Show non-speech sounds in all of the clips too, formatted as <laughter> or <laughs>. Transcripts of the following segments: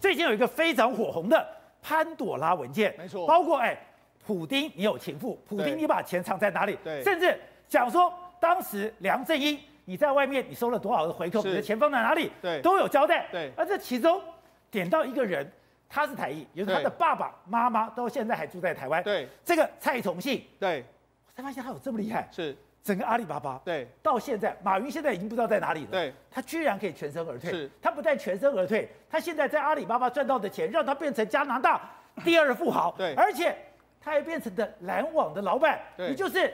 最近有一個非常火紅的潘朵拉文件，沒錯，包括哎，普丁，你有情婦，普丁，你把錢藏在哪裡，對，甚至講說當時梁振英你在外面你收了多少的回扣，你的錢放在哪裡，對，都有交代，對，而這其中點到一個人，他是台裔，有他的爸爸媽媽到現在還住在台灣，對，這個蔡崇信，對，我才發現他有這麼厲害，是。整個阿里巴巴，對，到現在，馬雲現在已經不知道在哪裡了。對，他居然可以全身而退。是，他不但全身而退，他現在在阿里巴巴賺到的錢，讓他變成加拿大第二富豪。對，而且他還變成了籃網的老闆。對，也就是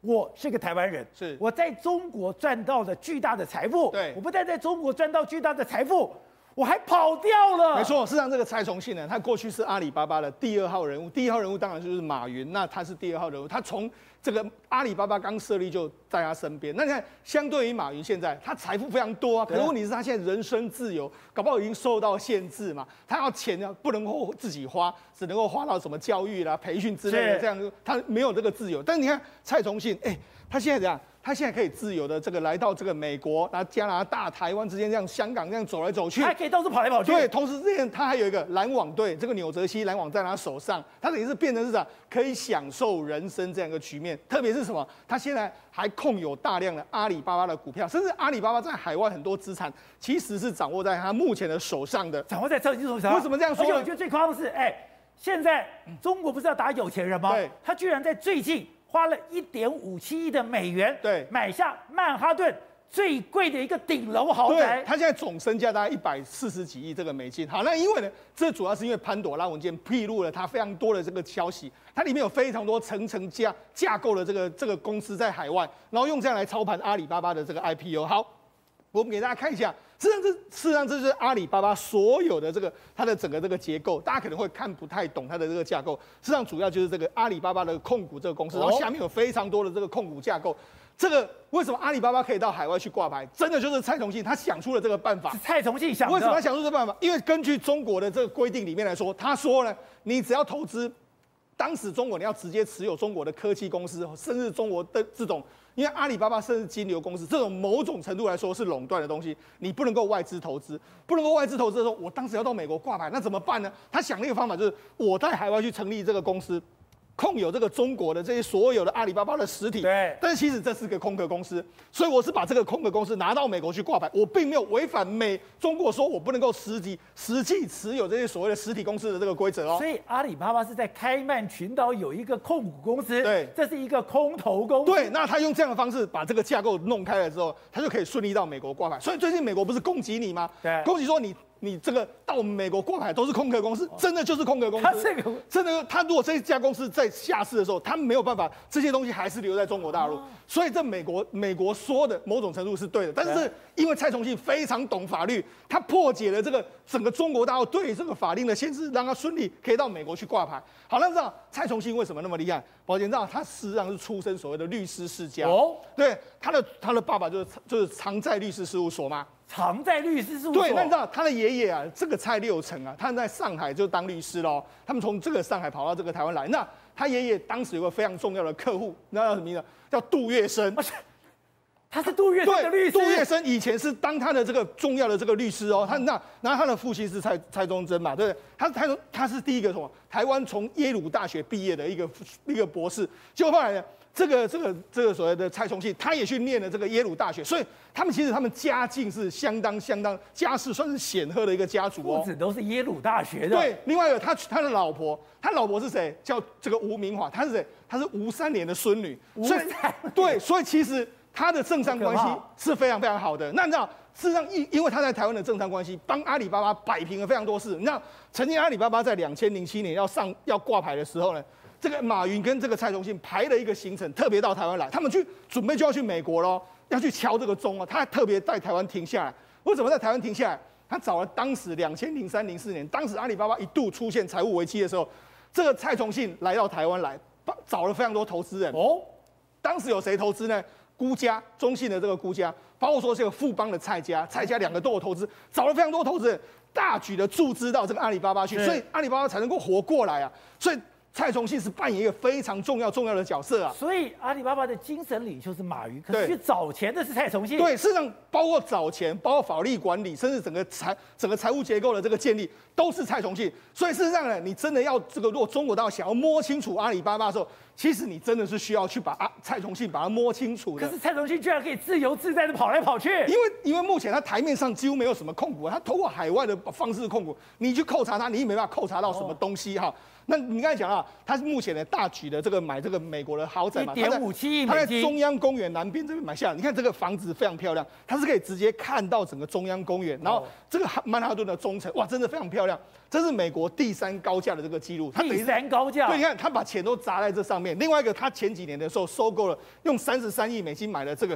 我，是個台灣人。是，我在中國賺到了巨大的財富。對，我不但在中國賺到巨大的財富，我還跑掉了。沒錯，事實上，這個蔡崇信呢，他過去是阿里巴巴的第二號人物，第一號人物當然就是馬雲。那他是第二號人物，他從這個。阿里巴巴剛設立就在他身邊。那你看，相對於馬雲現在，他財富非常多啊。可是問題是，他現在人身自由搞不好已經受到限制嘛？他要錢呢，不能夠自己花，只能夠花到什麼教育啦、培訓之類的，這樣他沒有這個自由。但是你看蔡崇信，哎，他現在怎樣？他現在可以自由的這個來到這個美國、拿加拿大、台灣之間，這樣，香港這樣走來走去，還可以到處跑來跑去。對，同時之間他還有一個籃網隊，這個紐澤西籃網在他手上，他等於是變成是啥？可以享受人生這樣一個局面，特別是。什麼？他現在還控有大量的阿里巴巴的股票，甚至阿里巴巴在海外很多資產，其實是掌握在他目前的手上的，掌握在趙先生手上。為什麼這樣說呢？而且我覺得最誇張的是，哎、欸，現在中國不是要打有錢人嗎？嗯、他居然在最近花了一點五七億的美元，對，買下曼哈頓，對最貴的一個頂樓豪宅，對，它現在總身價大概一百四十幾億這個美金。好，那因為呢，這主要是因為潘朵拉文件披露了它非常多的這個消息，它裡面有非常多層層架架構的這個這個公司在海外，然後用這樣來操盤阿里巴巴的這個 I P O。好，我們給大家看一下，事實上，事實上這就是阿里巴巴所有的這個它的整個這個結構，大家可能會看不太懂它的這個架構。事實上主要就是這個阿里巴巴的控股這個公司，哦、然後下面有非常多的這個控股架構。這個為什麼阿里巴巴可以到海外去掛牌？真的就是蔡崇信他想出了這個辦法。蔡崇信想，為什麼他想出了這個辦法？因為根據中國的這個規定裡面來說，他說呢，你只要投資，當時中國你要直接持有中國的科技公司，甚至中國的這種，因為阿里巴巴甚至金流公司這種某種程度來說是壟斷的東西，你不能夠外資投資，不能夠外資投資的時候，我當時要到美國掛牌，那怎麼辦呢？他想了一個方法，就是我在海外去成立這個公司。控有這個中國的這些所有的阿里巴巴的實體，對。但是其實這是個空殼公司，所以我是把這個空殼公司拿到美國去掛牌，我並沒有違反美中國說我不能夠實際實際持有這些所謂的實體公司的這個規則哦。所以阿里巴巴是在開曼群島有一個控股公司，對，這是一個空頭公司。對，那他用這樣的方式把這個架構弄開了之後，他就可以順利到美國掛牌。所以最近美國不是攻擊你嗎？對，攻擊說你。你這個到美國掛牌都是空殼公司，哦、真的就是空殼公司。他這個真的，他如果這家公司在下市的時候，他沒有辦法，這些東西還是留在中國大陸。哦、所以這美國美國說的某種程度是對的，但是因為蔡崇信非常懂法律，他破解了這個整個中國大陸對於這個法令的限制，讓他順利可以到美國去掛牌。好，那這樣蔡崇信為什麼那麼厲害？保險賬，他實際上是出身所謂的律師世家。哦，對，他的他的爸爸就是就是常在律師事務所嘛。常在律師事務所。對，那你知道他的爺爺啊，這個蔡六成啊，他在上海就當律師咯。他們從這個上海跑到這個台灣來，那他爺爺當時有個非常重要的客戶，那叫什麼名字？叫杜月笙。啊，他是杜月笙的律師。杜月笙以前是當他的這個重要的這個律師哦。他那，然後他的父親是蔡蔡中曾嘛，對不對？他他他是第一個從台灣從耶魯大學畢業的一個一個博士。結果後來呢，這個這個這個所謂的蔡崇信，他也去念了這個耶魯大學，所以他們其實他們家境是相當相當，家世算是顯赫的一個家族哦。父子都是耶魯大學的。對，另外一個他他的老婆，他老婆是誰？叫這個吳明華，他是誰？他是吳三連的孫女。吳三對，所以其實他的政商關係是非常非常好的。你那你知道，事實上，因因為他在台灣的政商關係，幫阿里巴巴擺平了非常多事。你知道，曾經阿里巴巴在兩千零七年要上要掛牌的時候呢，這個馬雲跟這個蔡崇信排了一個行程，特別到台灣來，他們去準備就要去美國了，要去敲這個鐘啊。他還特別在台灣停下來，為什麼在台灣停下來？他找了當時兩千零三、零四年，當時阿里巴巴一度出現財務危機的時候，這個蔡崇信來到台灣來，找了非常多投資人哦。當時有誰投資呢？辜家、中信的這個辜家，包括說這個富邦的蔡家，蔡家兩個都有投資，找了非常多投資人，大舉的注資到這個阿里巴巴去，是所以阿里巴巴才能夠活過來啊，所以。蔡崇信是扮演一個非常重要重要的角色啊，所以阿里巴巴的精神領袖是馬雲，可是去找錢的是蔡崇信。對，對，事實上包括找錢，包括法律管理，甚至整個財整個財務結構的這個建立，都是蔡崇信。所以事實上呢，你真的要這個，如果中國要想要摸清楚阿里巴巴的時候。其實你真的是需要去把啊蔡崇信把它摸清楚的。可是蔡崇信居然可以自由自在的跑來跑去。因為因為目前他檯面上幾乎沒有什麼控股、啊，他透過海外的方式控股，你去扣查他，你也沒辦法扣查到什麼東西哈、啊。哦、那你剛才講了，他是目前的大舉的這個買這個美國的豪宅嘛，一點點五七億美金他在中央公園南邊這邊買下來，你看這個房子非常漂亮，它是可以直接看到整個中央公園，然後這個哈曼哈頓的中城哇，真的非常漂亮。這是美國第三高價的這個記錄，第三高價。對，你看，他把錢都砸在這上面。另外一個，他前幾年的時候收購了，用三十三億美金買了這個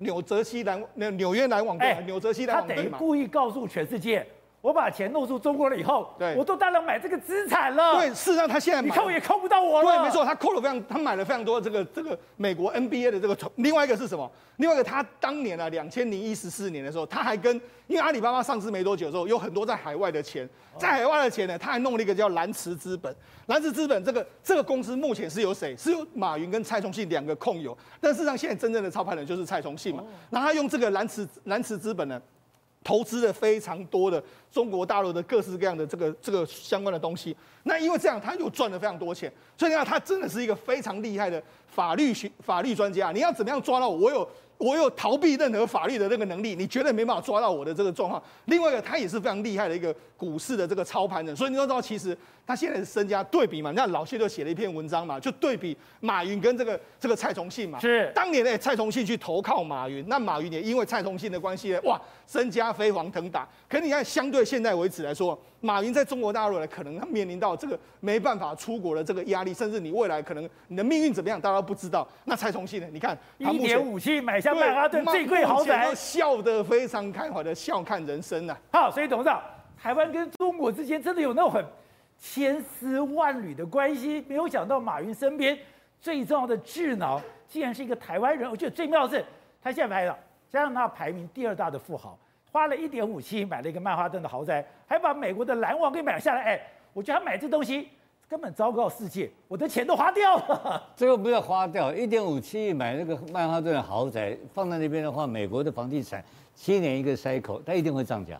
紐澤西籃，那紐約籃網隊，紐澤西籃，他等於故意告訴全世界，我把錢弄出中國了以後，對，我都大量買這個資產了。對，事實上他現在你控也控不到我了。對，沒錯，他扣了非常，他買了非常多這個這個美國 NBA 的這個。另外一個是什麼？另外一個，他當年呢、啊，兩千零一十四年的時候，他還跟因為阿里巴巴上市沒多久的時候，有很多在海外的錢，在海外的錢呢，他還弄了一個叫藍馳資本。藍馳資本這個這個公司目前是由誰？是由馬雲跟蔡崇信兩個控有。但事實上，現在真正的操盤人就是蔡崇信嘛。然後他用這個藍馳藍馳資本呢。投資了非常多的中國大陸的各式各樣的這個這個相關的東西，那因為這樣，他又賺了非常多錢，所以你看他真的是一個非常厲害的法律學法律專家。你要怎麼樣抓到我？我有。我有逃避任何法律的那個能力，你絕對沒辦法抓到我的這個狀況。另外一個，他也是非常厲害的一個股市的這個操盤人，所以你要知道，其實他現在是身家對比嘛，那老謝就寫了一篇文章嘛，就對比馬雲跟這個這個蔡崇信嘛，是當年呢、欸，蔡崇信去投靠馬雲，那馬雲也因為蔡崇信的關係，哇，身家飛黃騰達。可你看，相對現在為止來說，馬雲在中國大陸可能他面臨到這個沒辦法出國的這個壓力，甚至你未來可能你的命運怎麼樣，大家都不知道。那蔡崇信呢？你看，一年武器買下曼哈頓最貴豪宅，對馬都笑得非常開懷的笑看人生吶、啊。好，所以董事長，台灣跟中國之間真的有那種很千絲萬縷的關係。沒有想到馬雲身邊最重要的智囊，竟然是一個台灣人。我覺得最妙的是，他現在排了，加上他排名第二大的富豪。花了一點五七億買了一個曼哈頓的豪宅，還把美國的籃網給買下來。哎，我覺得他買這東西根本糟糕世界，我的錢都花掉了。這個不要花掉，一點五七億買那個曼哈頓的豪宅，放在那邊的話，美國的房地產七年一個塞口，它一定會漲價，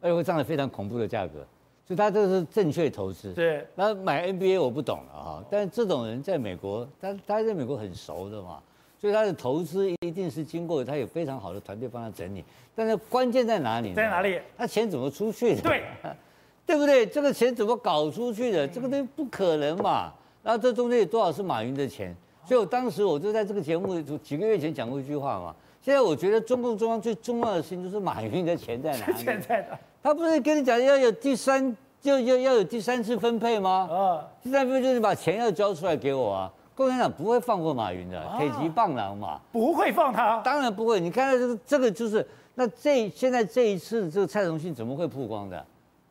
而且會漲得非常恐怖的價格。所以他這是正確投資。對，那買 NBA 我不懂了哈，但是這種人在美國，他他在美國很熟的嘛。所以他的投資一定是經過的，他有非常好的團隊幫他整理，但是關鍵在哪裡？在哪裡？他錢怎麼出去的？對， <laughs> 對不對？這個錢怎麼搞出去的？這個東西不可能嘛。然後這中間有多少是馬雲的錢？所以我當時我就在這個節目裡頭幾個月前講過一句話嘛。現在我覺得中共中央最重要的事情就是馬雲的錢在哪裡？是錢在哪？他不是跟你講要有第三，就要要有第三次分配嗎？啊、哦，第三次分配就是你把錢要交出來給我啊。共產黨不會放過馬雲的，鐵騎、啊、棒郎嘛，不會放他，當然不會。你看、這個，這這個就是那這現在這一次，這個蔡崇信怎麼會曝光的？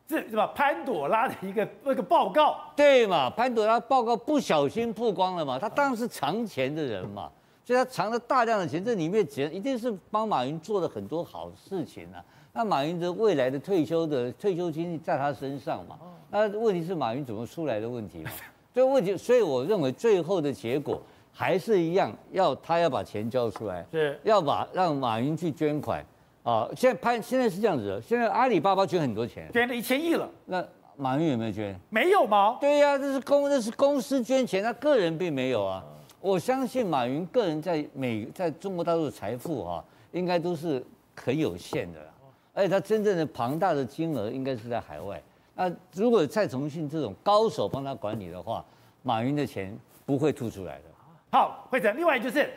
這是吧？潘朵拉的一個那個報告，對嘛？潘朵拉報告不小心曝光了嘛？他當然是藏錢的人嘛，好所以他藏了大量的錢，這裡面錢一定是幫馬雲做了很多好事情啊。那馬雲的未來的退休的退休金在他身上嘛？哦、那問題是馬雲怎麼出來的問題嘛？所以我所以我認為最後的結果還是一樣，要他要把錢交出來是，是要把讓馬雲去捐款啊。現在拍現在是這樣子的，現在阿里巴巴捐很多錢，捐了一千億了。那馬雲有沒有捐？沒有嗎？對呀、啊，這是公這是公司捐錢，他個人並沒有啊。我相信馬雲個人在美在中國大陸的財富哈、啊，應該都是很有限的了、啊，而且他真正的龐大的金額應該是在海外。啊、如果蔡崇信這種高手幫他管理的話，馬雲的錢不會吐出來的。好，會成。另外就是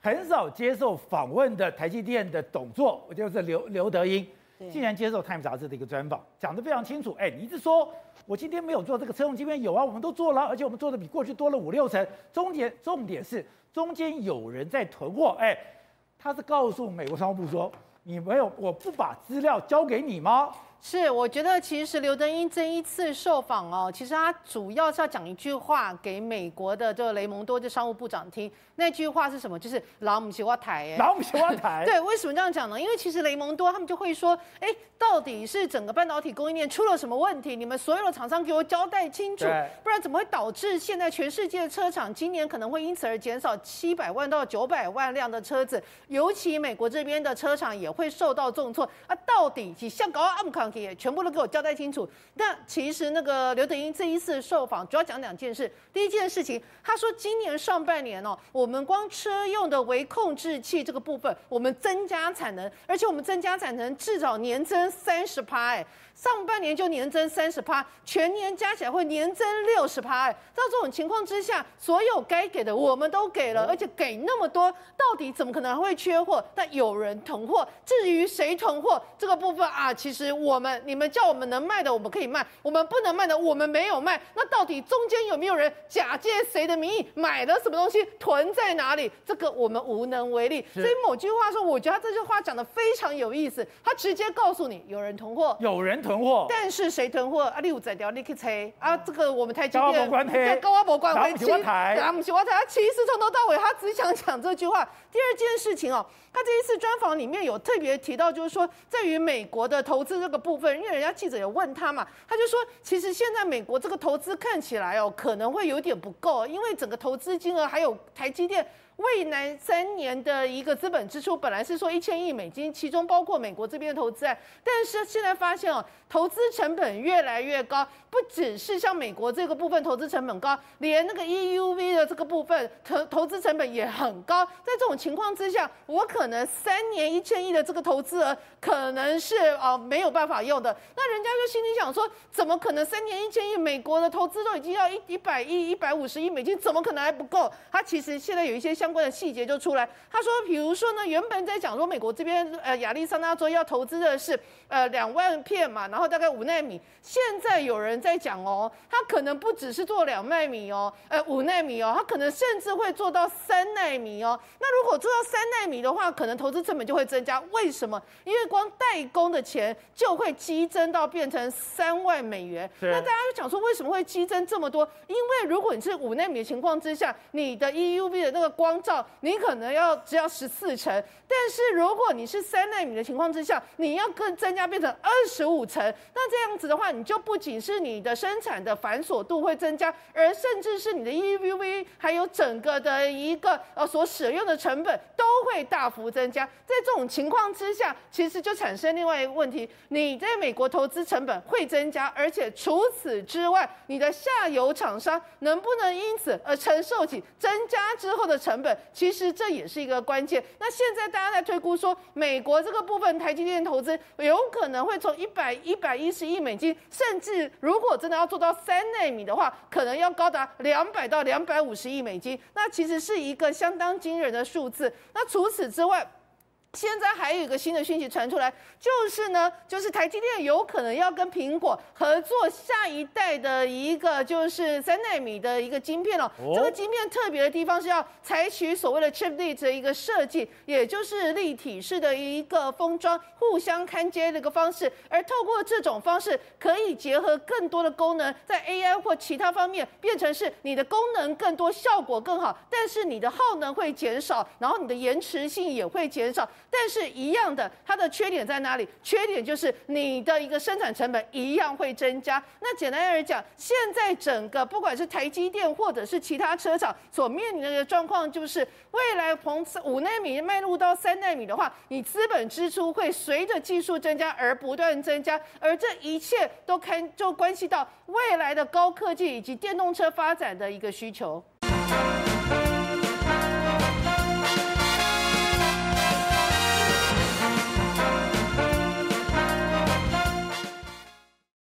很少接受訪問的台積電的董座，我就是劉劉德音，對竟然接受《Time》雜誌的一個專訪，講得非常清楚。哎、欸，你一直說，我今天沒有做這個車用晶片有啊，我們都做了，而且我們做的比過去多了五六成。重點重點是中間有人在囤貨。哎、欸，他是告訴美國商務部說，你沒有，我不把資料交給你嗎？是，我覺得其實劉德音這一次受訪哦，其實他主要是要講一句話給美國的這個雷蒙多的商務部長聽。那句話是什麼？就是“老母雞挖台”哎，老母雞挖台。對，為什麼這樣講呢？因為其實雷蒙多他們就會說，哎，到底是整個半導體供應鏈出了什麼問題？你們所有的廠商給我交代清楚，對不然怎麼會導致現在全世界的車廠今年可能會因此而減少七百萬到九百萬輛的車子？尤其美國這邊的車廠也會受到重挫。啊，到底像去香卡。也全部都給我交代清楚。但其實那個劉德音這一次受訪主要講兩件事。第一件事情，他說今年上半年哦、喔，我們光車用的微控制器這個部分，我們增加產能，而且我們增加產能至少年增三十趴。哎、欸，上半年就年增三十趴，全年加起來會年增六十趴。哎、欸，在這種情況之下，所有該給的我們都給了，而且給那麼多，到底怎麼可能還會缺貨？但有人囤貨，至於誰囤貨這個部分啊，其實我。我們你們叫我們能賣的，我們可以賣；我們不能賣的，我們沒有賣。那到底中間有沒有人假借誰的名義買了什麼東西，囤在哪裡？這個我們無能為力。是所以某句話說，我覺得他這句話講的非常有意思。他直接告訴你，有人囤貨，有人囤貨，但是誰囤貨？阿六仔在聊，你去猜。啊，這個我們台積電，跟我無關，跟我無關，不我們切，啊，不他其實從頭到尾，他只想講這句話。第二件事情哦，他這一次專訪裡面有特別提到，就是說在於美國的投資這、那個。部分，因為人家記者也問他嘛，他就說，其實現在美國這個投資看起來哦，可能會有點不夠，因為整個投資金額還有台積電。未來三年的一個資本支出本來是說一千億美金，其中包括美國這邊的投資，但是現在發現哦、啊，投資成本越來越高，不只是像美國這個部分投資成本高，連那個 EUV 的這個部分投投資成本也很高。在這種情況之下，我可能三年一千億的這個投資額可能是啊、呃、沒有辦法用的。那人家就心裡想說，怎麼可能三年一千億美國的投資都已經要一一百億、一百五十億美金，怎麼可能還不夠？他其實現在有一些像。相關的細節就出來。他說，比如說呢，原本在講說美國這邊呃亞利桑那州要投資的是呃兩萬片嘛，然後大概五奈米。現在有人在講哦，他可能不只是做兩奈米哦，呃五奈米哦，他可能甚至會做到三奈米哦。那如果做到三奈米的話，可能投資成本就會增加。為什麼？因為光代工的錢就會激增到變成三萬美元。是那大家就講說，為什麼會激增這麼多？因為如果你是五奈米的情況之下，你的 EUV 的那個光照你可能要只要十四層，但是如果你是三納米的情況之下，你要更增加變成二十五層，那這樣子的話，你就不僅是你的生產的繁瑣度會增加，而甚至是你的 EUV 還有整個的一個呃所使用的成本都會大幅增加。在這種情況之下，其實就產生另外一個問題，你在美國投資成本會增加，而且除此之外，你的下游廠商能不能因此而承受起增加之後的成本？其實這也是一個關鍵。那現在大家在推估說，美國這個部分台積電投資有可能會從一百一百一十億美金，甚至如果真的要做到三奈米的話，可能要高達兩百到兩百五十億美金。那其實是一個相當驚人的數字。那除此之外，現在還有一個新的訊息傳出來，就是呢，就是台積電有可能要跟蘋果合作下一代的一個就是三納米的一個晶片了。哦，這個晶片特別的地方是要採取所謂的 chiplet 的一個設計，也就是立體式的一個封裝，互相看接的一個方式。而透過這種方式，可以結合更多的功能，在 AI 或其他方面變成是你的功能更多，效果更好，但是你的耗能會減少，然後你的延遲性也會減少。但是，一樣的，它的缺點在哪裡？缺點就是你的一個生產成本一樣會增加。那簡單來講，現在整個不管是台積電或者是其他車廠所面臨的一個狀況，就是未來從五納米邁入到三納米的話，你資本支出會隨着技術增加而不斷增加，而這一切都看就關係到未來的高科技以及電動車發展的一個需求。嗯。